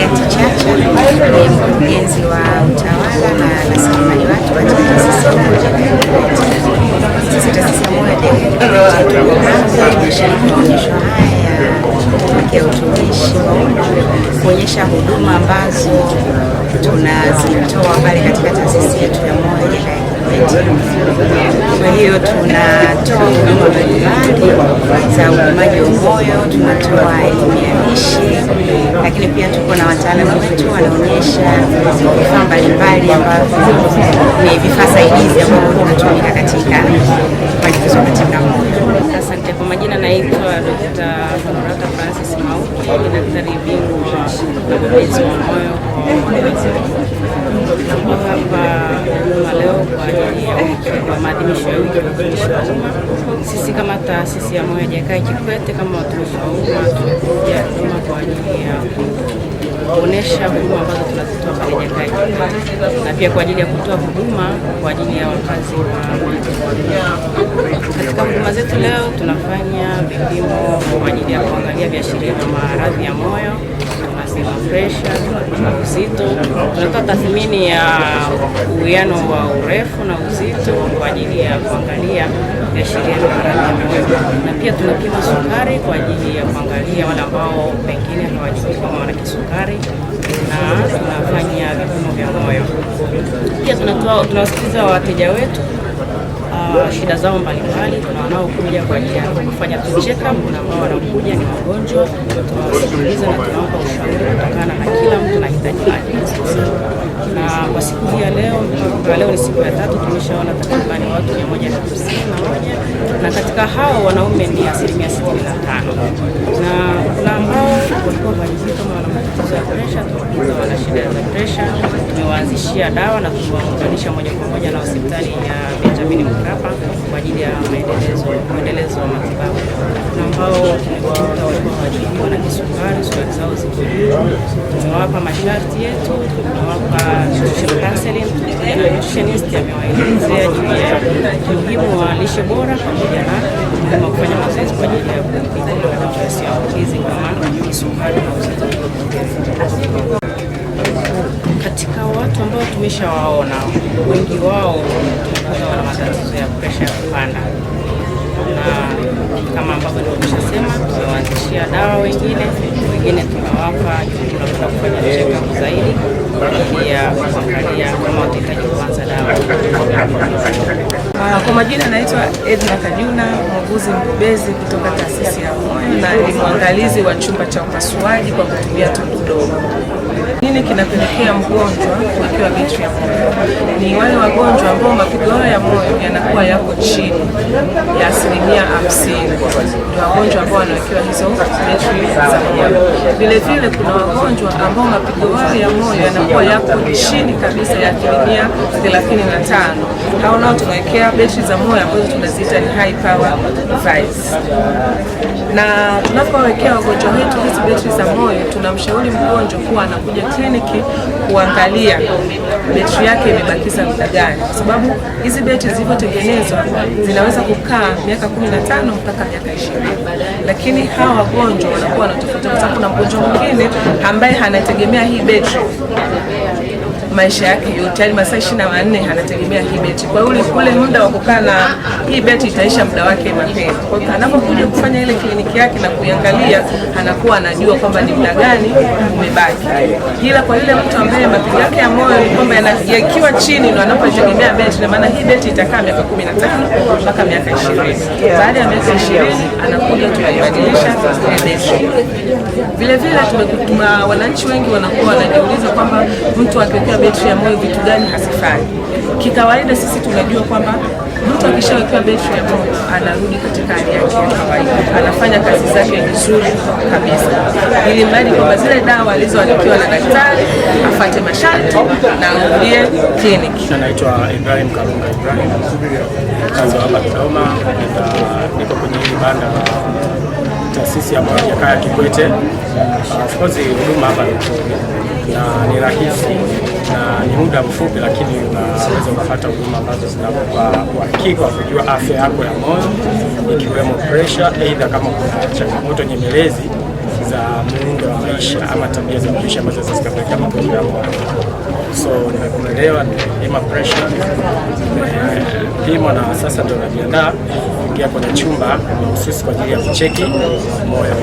Henrietta Chacha ni mkurugenzi wa utawala na rasilimali watu katika taasisi ya sisi taasisi ya moja haya ya utumishi wa umma kuonyesha huduma ambazo tunazitoa pale katika taasisi yetu ya kwa hiyo tunatoa huduma mbalimbali za upimaji wa moyo, tunatoa elimu ya lishe, lakini pia tuko na wataalamu wetu wanaonyesha vifaa mbalimbali ambavyo ni vifaa saidizi ambavyo vinatumika katika kupandikizo katika moyo. Asante. Kwa majina naitwa Dr daktari bingwa mtetezi wa moyo nako hapa uma leo kwa ajili ya maadhimisho ya wiki ya utumishi wa umma. Sisi kama taasisi ya Moyo Jakaya Kikwete, kama watumishi wa umma, tumekuja Dodoma kwa ajili ya kuonesha huduma ambazo tunazitoa na pia kwa ajili ya kutoa huduma kwa ajili ya wakazi wa katika huduma zetu. Leo tunafanya vipimo kwa ajili ya kuangalia viashiria vya maradhi ya moyo, tunasema presha, uzito. Tunatoa tathmini ya uwiano wa urefu na uzito kwa ajili ya kuangalia viashiria vya maradhi ya moyo, na pia tunapima sukari kwa ajili ya kuangalia wale ambao pengine kama wana kisukari na tunafanyia vipimo vya moyo. Pia tunawasikiliza wateja wetu Uh, shida zao mbalimbali. Kuna wanaokuja kwa ajili ya kufanya check up, kuna ambao wanakuja ni wagonjwa, tunawasikiliza na tunawapa Kwa siku hii ya leo, kwa leo ni siku ya tatu, tumeshaona takribani watu mia moja na hamsini na moja na katika hao wanaume ni asilimia sitini na tano na kuna ambao walikuwa wajuzii kama wana matatizo ya presha, tuwakuza wana shida za presha, tumewaanzishia dawa na tumewaunganisha moja kwa moja na hospitali ya Vitamini Mkapa kwa ajili ya maendelezo maendelezo wa matibabu ambao wakuta walikuwa hawajibiwa na kisukari, sukari zao ziko juu. Tumewapa masharti yetu, tumewapa counseling, nutritionist amewaelezea juu ya umuhimu wa lishe bora pamoja na kufanya mazoezi kwa ajili ya kupigana na magonjwa yasiyoambukizi kama kisukari na uzito. watu ambao tumeshawaona wengi wao wana matatizo ya presha ya kupanda, na kama ambavyo nimeshasema, tumewaanzishia dawa wengine, wengine tunawapa tunaweza kufanya checkup zaidi ili ya kuangalia kama watahitaji kuanza dawa. Ah, kwa majina naitwa Edna Kajuna, muuguzi mbobezi kutoka taasisi ya Moyo na ni mwangalizi wa chumba cha upasuaji kwa kutumia tundu dogo. Nini kinapelekea mgonjwa kuwekewa betri ya moyo? Ni wale wagonjwa ambao mapigo yao ya moyo yanakuwa yako chini ya asilimia hamsini, ni wagonjwa ambao wanawekewa hizo betri za moyo. Vilevile kuna wagonjwa ambao mapigo yao ya moyo yanakuwa yako chini kabisa ya asilimia thelathini na tano. Hao nao tunawekea betri za moyo ambazo tunaziita ni high power device na tunapowekea wagonjwa wetu hizi betri za moyo, tunamshauri mgonjwa kuwa anakuja kliniki kuangalia betri yake imebakiza muda gani, kwa sababu hizi betri zilivyotengenezwa zinaweza kukaa miaka 15 mpaka miaka 20, lakini hawa wagonjwa wanakuwa wanatofauti, kwa sababu kuna mgonjwa mwingine ambaye anategemea hii betri maisha yake yote, yani masaa ishirini na manne anategemea hii beti. Kwa hiyo kule muda wa kukaa na hii beti itaisha muda wake mapema. Kwa hiyo anapokuja kufanya ile kliniki yake na kuiangalia, anakuwa anajua kwamba ni muda gani umebaki. Ila kwa yule mtu ambaye mapigo yake ya moyo ni kwamba yakiwa chini, ndo anapotegemea beti, na maana hii beti itakaa miaka kumi na tano mpaka miaka ishirini. Baada ya miaka ishirini anakuja tunaibadilisha beti. Vilevile wananchi wengi wanakuwa wanajiuliza kwamba mtu akiwa betri ya moyo vitu gani hazifanyi. Kikawaida sisi tunajua kwamba mtu akishawekewa betri ya moyo anarudi katika hali yake ya kawaida, anafanya kazi zake vizuri kabisa, ili mradi kwamba zile dawa alizoandikiwa na daktari afate masharti na arudie kliniki. Anaitwa Ibrahim Kalunga Ibrahim, mkazi wa hapa Dodoma, niko kwenye banda banda taasisi ya Jakaya Kikwete. Uh, of course huduma hapa ni nzuri na ni rahisi na ni muda mfupi, lakini unaweza ukapata huduma ambazo zinakupa uhakika wa kujua afya yako ya moyo, ikiwemo pressure, aidha kama kuna changamoto nyemelezi za mwenendo wa maisha ama tabia za maisha ambazo zitapelekea magonjwa. So nimekuelewa, ima pressure pimo, na sasa ndio najiandaa kuingia kwenye chumba mahususi kwa ajili ya kucheki moyo.